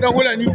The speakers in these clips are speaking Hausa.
ka bula ni.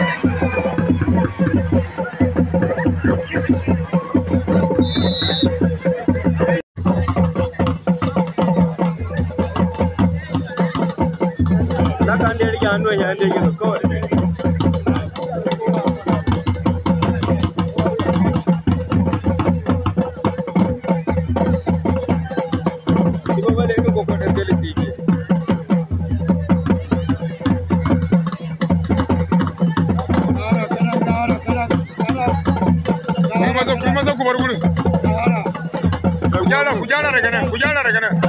Thank you. बुझाना रे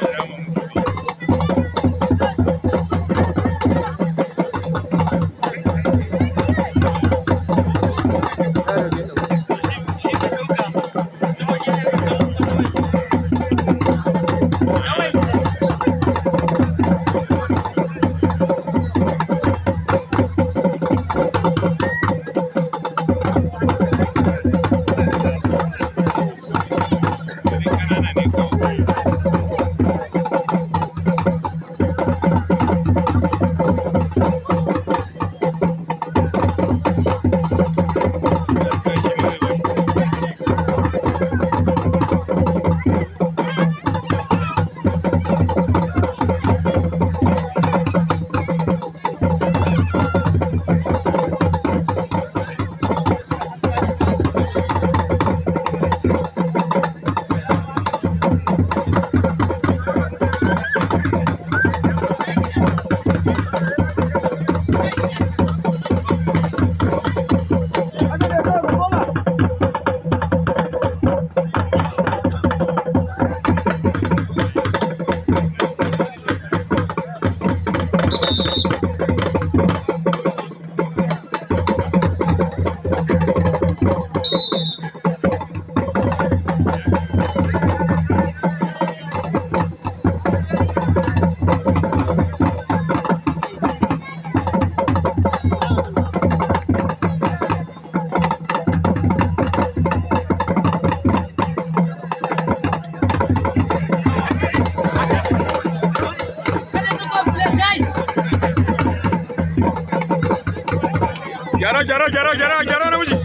gyara gyara gyara namiji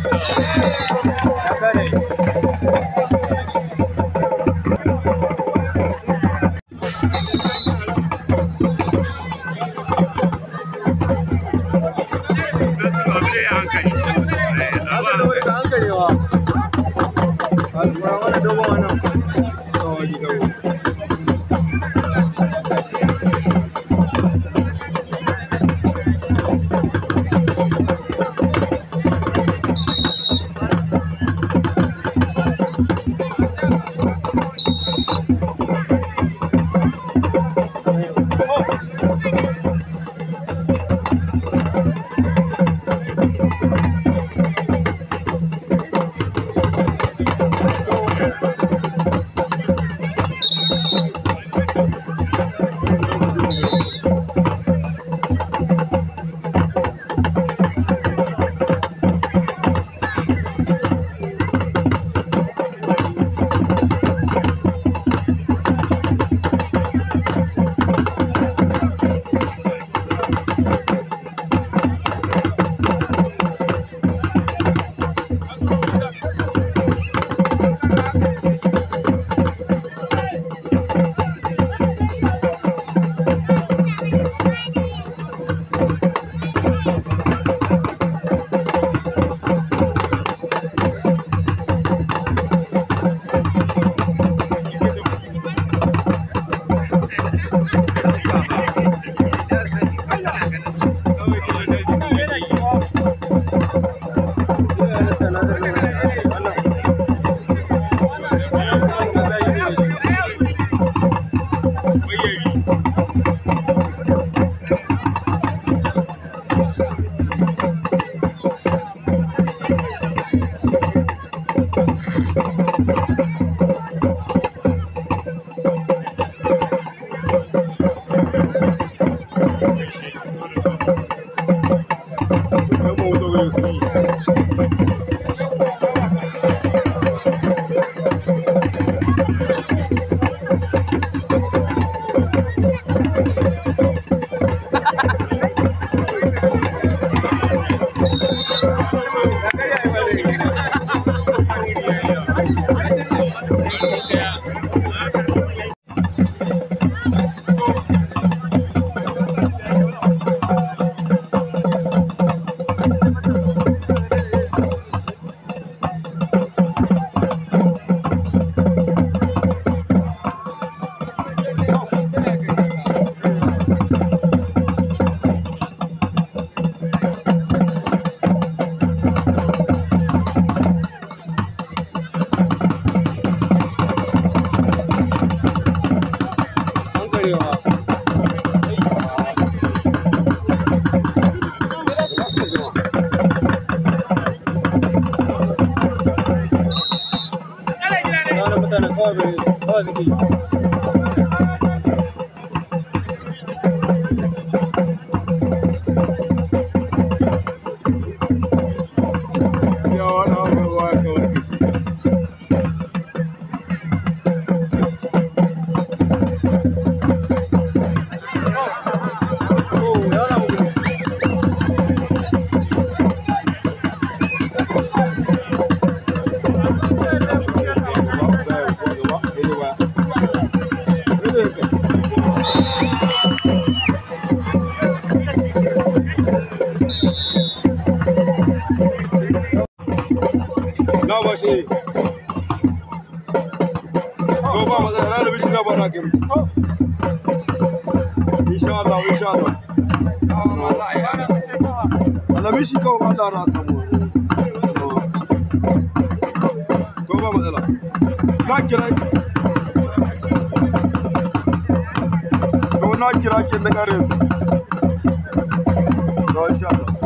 Thank you. Thank thank you 对，二十以。ce ko bishi insha Allah insha Allah Allah bishi samu na kira kira ke Allah